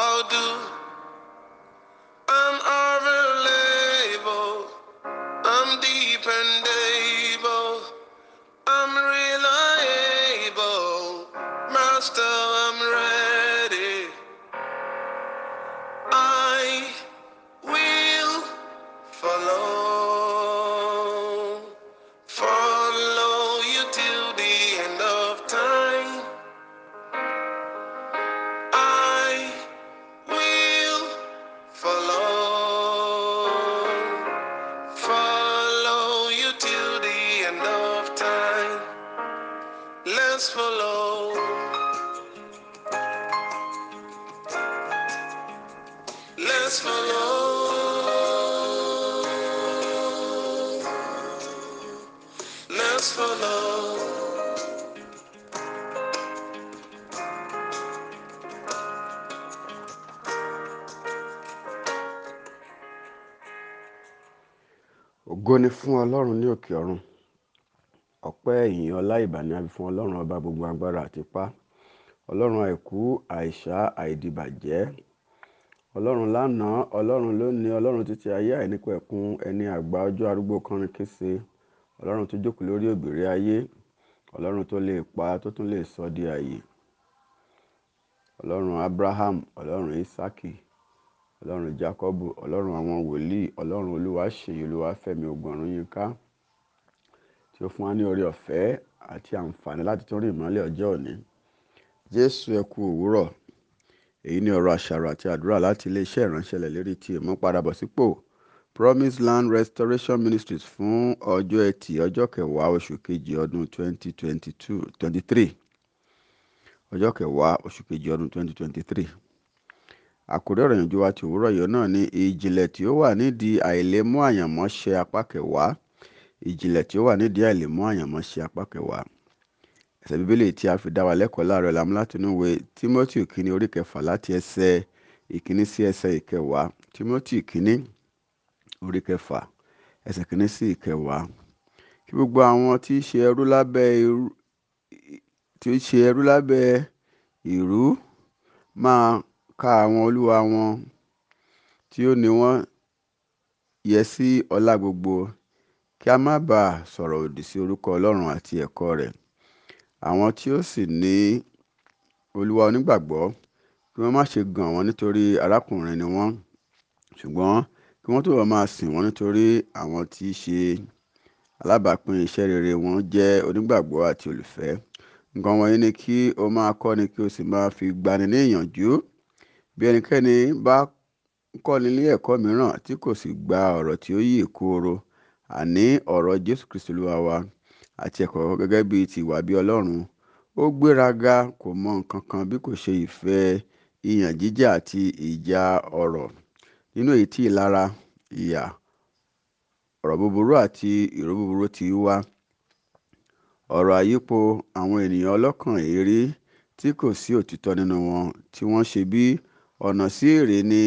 all do. I'm unreliable. I'm dependent. Let's follow. Let's follow. Let's follow. Ògo ni fún Ọlọ́run ní òkè ọ̀run ọpẹ́ ìyìn ọlá ìbàní àfi fún ọlọ́run ọba gbogbo agbára àti ipá ọlọ́run àìkú àìsà àìdìbàjẹ́ ọlọ́run lánàá ọlọ́run lónìí ọlọ́run títí ayé àìnípẹ̀kun ẹni àgbà ọjọ́ arúgbó kọrin kése ọlọ́run tó jókòó lórí òbèrè ayé ọlọ́run tó lè pa tó tún lè sọ di àyè ọlọ́run abraham ọlọ́run isaki ọlọ́run jacob ọlọ́run àwọn wòlíì ọlọ́run olúwa ṣèyí olúwa fẹ́mi ògbọ̀nrún yín ká tí ó fún wa ní oore ọ̀fẹ́ àti àǹfààní láti tún rí ìmọ́lẹ̀ ọjọ́ òní jésù ẹ kú òwúrọ̀ èyí ni ọ̀rọ̀ àṣàrò àti àdúrà láti iléeṣẹ́ ìránṣẹ́lẹ̀ lérí ti ìmúpadàbọ̀sípò promise land restoration ministries fún ọjọ́ ẹtì ọjọ́ kẹwàá oṣù kejì ọdún 2022 23 ọjọ́ kẹwàá oṣù kejì ọdún 2023 àkórí ọ̀rọ̀ ìyànjú wa ti òwúrọ̀ yìí náà ní ìjìnlẹ̀ tí ó wà nídìí àìlèmú àyànmọ́ ṣe apá kẹwàá ìjìnlẹ̀ tí ó wà nídìí àìlèmọ́ àyànmọ́ ṣe apá kẹwàá ẹsẹ̀ bíbélì tí a fi dá wa lẹ́kọ̀ọ́ láàárọ̀ làmú látinú ìwé timothy kínní orí kẹfà láti ẹsẹ̀ ìkínní sí ẹsẹ̀ ìkẹwàá timothy kínní orí kẹfà ẹsẹ̀ kínní sí ìkẹwàá kí gbogbo àwọn tí í ṣe ẹrú lábẹ́ irú tí í ìrú máa ka àwọn olúwa wọn tí ó ní wọ́n yẹ sí ọlá gbogbo kí a má bàa sọ̀rọ̀ òdì sí orúkọ Ọlọ́run àti ẹ̀kọ́ rẹ̀. Àwọn tí ó sì ní Olúwa onígbàgbọ́ kí wọ́n má ṣe gàn wọ́n nítorí arákùnrin ni wọ́n, ṣùgbọ́n kí wọ́n túbọ̀ máa sìn wọ́n nítorí àwọn tí í ṣe alábàápín iṣẹ́ rere wọn jẹ́ onígbàgbọ́ àti olùfẹ́. Nǹkan wọ̀nyí ni kí o máa kọ́ni kí o sì máa fi gbani ní ìyànjú. Bí ẹnikẹ́ni bá ń kọ́ni ní ẹ̀kọ́ mìíràn tí kò sì gba ọ̀rọ̀ tí ó yè kooro, àní ọ̀rọ̀ jésù kristu olúwa wa àti ẹ̀kọ́ gẹ́gẹ́ bí ti ìwà bí ọlọ́run ó gbéraga kò mọ nǹkan kan bí kò ṣe ìfẹ́ ìyàn jíjà àti ìjà ọ̀rọ̀ nínú èyí tí ìlara ìyà ọ̀rọ̀ búburú àti ìró búburú ti wá ọ̀rọ̀ àyípo àwọn ènìyàn ọlọ́kàn èrí tí kò sí òtítọ́ nínú wọn tí wọ́n ṣe bí ọ̀nà sí èrè ní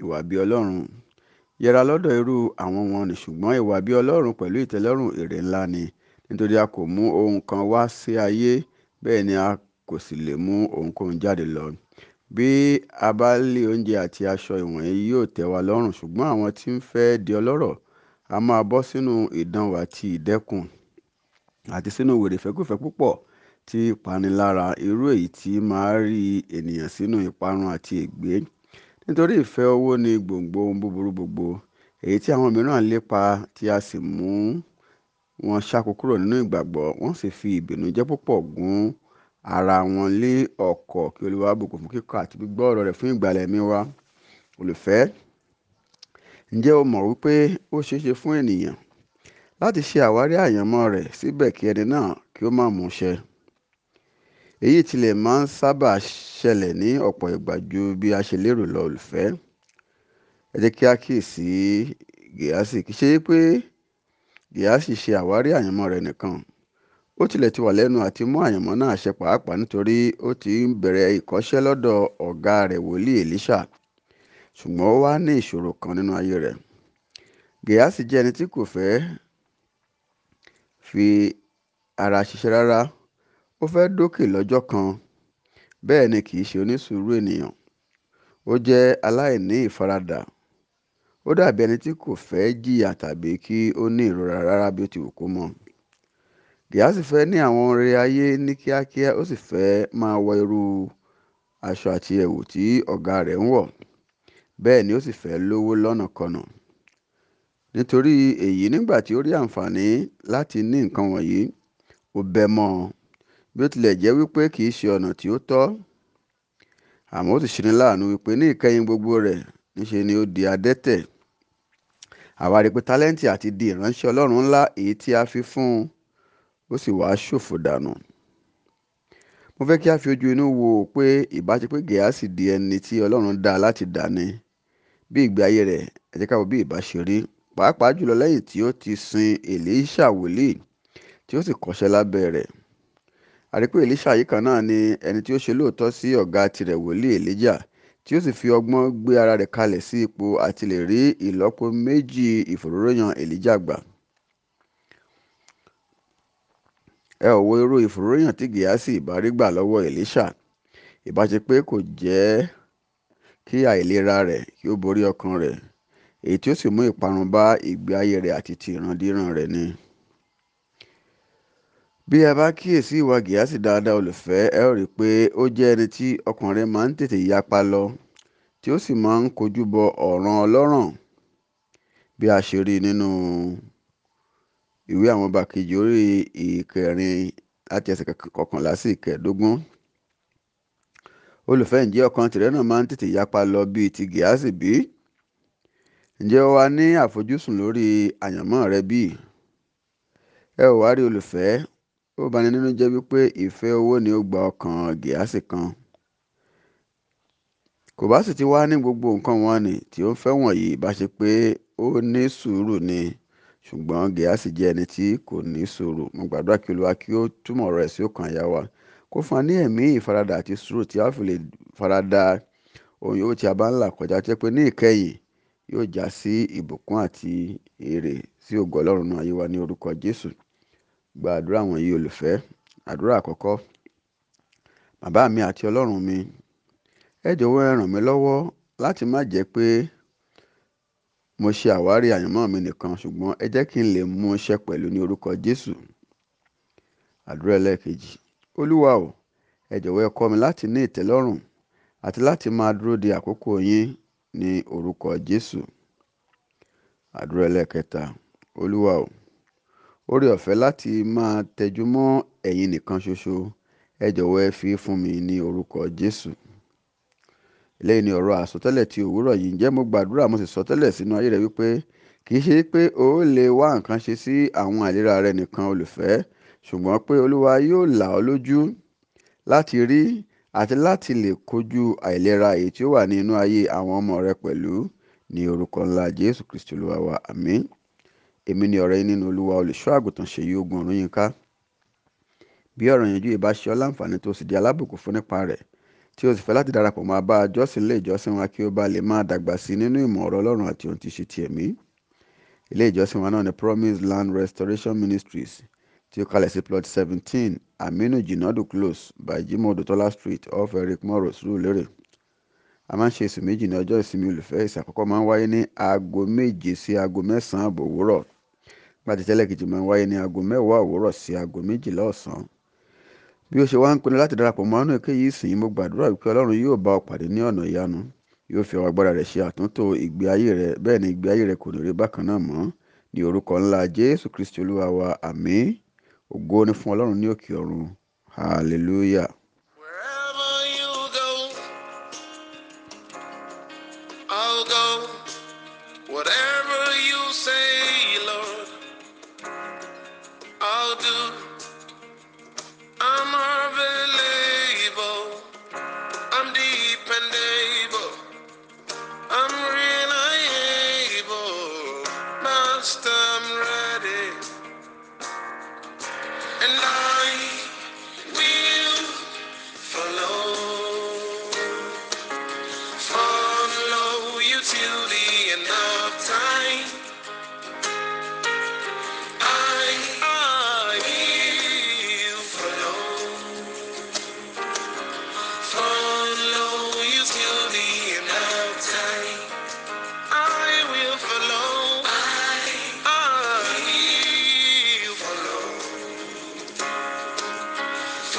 ìwà bí ọlọ́run yẹra lọ́dọ̀ irú àwọn wọn ni ṣùgbọ́n ìwà bí ọlọ́run pẹ̀lú ìtẹ́lọ́rùn èrè ńlá ni nítorí a kò mú ohun kan wá sí ayé bẹ́ẹ̀ ni a kò sì lè mú ohunkóhun jáde lọ bí a bá lé oúnjẹ àti aṣọ ìwọ̀nyí yóò tẹ́ wa lọ́rùn ṣùgbọ́n àwọn tí ń fẹ́ di ọlọ́rọ̀ a máa bọ́ sínú ìdánwò àti ìdẹ́kùn àti sínú wèrèfẹ́kùfẹ́ púpọ̀ tí ìpanilára irú èyí tí máa rí ènìyàn sínú ìparun àti ègbé nítorí ìfẹ́ owó ni gbòǹgbò ohun búburú gbogbo èyí tí àwọn mìíràn lépa tí a sì mú wọn ṣáko kúrò nínú ìgbàgbọ́ wọ́n sì fi ìbìnújẹ́ púpọ̀ gún ara wọn lé ọkọ̀ kí olúwa bùkún fún kíkọ́ àti gbígbọ́ ọ̀rọ̀ rẹ̀ fún ìgbàlẹ̀ mi wá olùfẹ́ ǹjẹ́ o mọ̀ wípé ó ṣeéṣe fún ènìyàn láti ṣe àwárí àyànmọ́ rẹ̀ síbẹ̀ kí ẹni náà kí ó má mú ṣẹ èyí tilẹ̀ máa ń sábà ṣẹlẹ̀ ní ọ̀pọ̀ ìgbà ju bí a ṣe lérò lọ olùfẹ́ ẹ jẹ́ kí a kíyèsí gíhásì kì í ṣe pé gíhásì ṣe àwárí àyànmọ́ rẹ̀ nìkan ó tilẹ̀ ti wà lẹ́nu àti mú àyànmọ́ náà ṣe pàápàá nítorí ó ti ń bẹ̀rẹ̀ ìkọ́ṣẹ́ lọ́dọ̀ ọ̀gá rẹ̀ wòlíì Èlíṣà ṣùgbọ́n ó wá ní ìṣòro kan nínú ayé rẹ̀ gíhásì jẹ́ ẹni tí kò fẹ́ fi ara ṣiṣẹ́ rárá Ó fẹ́ dókè lọ́jọ́ kan, bẹ́ẹ̀ ni kìí ṣe onísùúrù ènìyàn. Ó jẹ́ aláìní ìfaradà. Ó dàbí ẹni tí kò fẹ́ jìyà tàbí kí ó ní ìrora rárá bí ó ti wù kó mọ̀. Gehazi fẹ́ ní àwọn ọrẹ ayé ní kíákíá ó sì fẹ́ máa wọ irú aṣọ àti ẹ̀wù tí ọ̀gá rẹ̀ ń wọ̀. Bẹ́ẹ̀ ni ó sì fẹ́ lówó lọ́nà kọnà. Nítorí èyí nígbà tí ó rí àǹfààní láti ní nǹkan wọ̀nyí, ó bẹ́ mọ́ ọn bí ó tilẹ̀ jẹ́ wípé kì í ṣe ọ̀nà tí ó tọ́ àmọ́ ó sì ṣe ní láàánú wípé ní ìkẹyìn gbogbo rẹ̀ níṣe ni ó di adẹ́tẹ̀ àwa rí pé tálẹ́ǹtì àti di ìránṣẹ́ ọlọ́run ńlá èyí tí a fi fún un ó sì wá ṣòfò dànù mo fẹ́ kí a fi ojú inú wo pé ìbáṣepé gẹ̀ásì di ẹni tí ọlọ́run dá láti dàní bí ìgbé ayé rẹ̀ ẹ jẹ́ ká wo bí ìbáṣe rí pàápàá jùlọ lẹ́yìn tí ó ti sin èlé ìṣàwòlì tí ó sì kọ́ṣẹ́ lábẹ́ rẹ̀ àrí elisha yìí kan náà ni ẹni tí ó ṣe lóòótọ́ sí ọ̀gá tirẹ̀ wòlíì elijah tí ó sì fi ọgbọ́n gbé ara rẹ̀ kalẹ̀ sí ipò àti lè rí ìlọ́po méjì ìfòróróyàn elijah gbà ẹ ò wo irú ìfòróróyàn tí gíásì ìbá gbà lọ́wọ́ elisha ìbá ṣe pé kò jẹ́ kí àìlera rẹ̀ kí ó borí ọkàn rẹ̀ èyí tí ó sì mú ìparun bá ìgbé ayé rẹ̀ àti ti ìrandíran rẹ̀ ni. Bí a bá kíyèsí ìwà Gíàsì dáadáa olùfẹ́, ẹ ó rí i pé ó jẹ́ ẹni tí ọkàn rẹ̀ máa ń tètè yapa lọ, tí ó sì máa ń kojú bọ ọ̀ràn ọlọ́ràn. Bí a ṣe rí nínú ìwé àwọn ọba kejì orí ìkẹrin láti ẹsẹ̀ kọkànlá sí ìkẹẹ̀dógún. Olùfẹ́ ǹjẹ́ ọkàn tìrẹ náà máa ń tètè yapa lọ bíi ti Gíàsì bí? Ǹjẹ́ o wà ní àfojúsùn lórí àyànmọ́ rẹ bí? Ẹ ò wá rí olùfẹ́, ó bani nínú jẹ́ wípé ìfẹ́ owó ni ó gba ọkàn Gíàsì kan kò bá sì ti wá ní gbogbo nǹkan wọn ni tí ó fẹ́ wọ̀nyí bá ṣe pé ó ní sùúrù ni ṣùgbọ́n Gíàsì jẹ́ ẹni tí kò ní sùúrù mo gbàdúrà kí olúwa kí ó túmọ̀ rẹ̀ sí ọkàn àyà wa kó fún wa ní ẹ̀mí ìfaradà àti sùúrù tí a fi lè farada ohun yòówù tí a bá ń là kọjá jẹ́ pé ní ìkẹyìn yóò já sí ìbùkún àti èrè sí ògo Ọlọ́run náà ayé wa ní orúkọ Jésù Gba àdúrà wọ̀nyí olùfẹ́. Àdúrà àkọ́kọ́. Bàbá mi àti Ọlọ́run mi, ẹ jọ̀wọ́ ẹ ràn mí lọ́wọ́ láti má jẹ́ pé mo ṣe àwárí àyànmọ́ mi nìkan ṣùgbọ́n ẹ jẹ́ kí n lè mú ṣẹ pẹ̀lú ní orúkọ Jésù. Àdúrà ẹlẹ́ẹ̀kejì. Olúwa o, ẹ jọ̀wọ́ ẹ kọ́ mi láti ní ìtẹ́lọ́rùn àti láti máa dúró de àkókò yín ní orúkọ Jésù. Àdúrà ẹlẹ́ẹ̀kẹta. Olúwa o oore ọ̀fẹ́ láti máa tẹjú mọ́ ẹ̀yin nìkan ṣoṣo ẹ jọ̀wọ́ ẹ fi fún mi ní orúkọ jésù eléyìí ni ọ̀rọ̀ àsọtẹ́lẹ̀ ti òwúrọ̀ yìí ǹjẹ́ mo gbàdúrà mo sì sọ tẹ́lẹ̀ sínú ayé rẹ wípé kì í ṣe pé o lè wá nǹkan ṣe sí àwọn àìlera rẹ nìkan olùfẹ́ ṣùgbọ́n pé olúwa yóò là ọ́ lójú láti rí àti láti lè kojú àìlera èyí tí ó wà ní inú ayé àwọn ọmọ rẹ pẹ̀lú ní orúkọ ńlá jésù kristu olúwa wa àmín èmi ni ọ̀rẹ́ nínú olúwa olùṣọ́ àgùntàn ṣèyí ogun ọ̀run yín ká bí ọ̀rọ̀ yẹn ju ìbá ṣe ọ́ láǹfààní tó sì di alábùkún fún nípa rẹ̀ tí o sì fẹ́ láti darapọ̀ máa bá a jọ́sìn ilé ìjọsìn wa kí o bá lè máa dàgbà sí nínú ìmọ̀ ọ̀rọ̀ ọlọ́run àti ohun tí ṣe ti ẹ̀mí ilé ìjọsìn wa náà ni promise land restoration ministries tí ó kalẹ̀ sí plot seventeen aminu jinadu close by jimoh odotola street off eric moros rúlérè a máa ń ṣe èsù méjì ní ọjọ́ ìsinmi olùfẹ́ èsì àkọ́kọ́ máa ń wáyé ní aago méje sí aago mẹ́sàn-án àbọ̀ òwúrọ̀ gbàtẹ́tẹ́lẹ̀ kejì máa ń wáyé ní aago mẹ́wàá òwúrọ̀ sí aago méjìlá ọ̀sán bí ó ṣe wá ń pinnu láti darapọ̀ mọ́ àánú èkéyìí ìsìn mo gbàdúrà wípé ọlọ́run yóò bá ọ pàdé ní ọ̀nà ìyanu yóò fi ọwọ́ agbára rẹ̀ ṣe àtúntò ìgbé ayé rẹ̀ bẹ́ẹ̀ ni ìgbé ayé rẹ̀ kò ní rí bákan náà mọ́ ní hallelujah.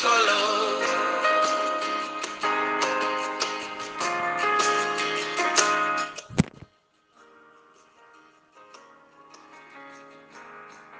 Follow.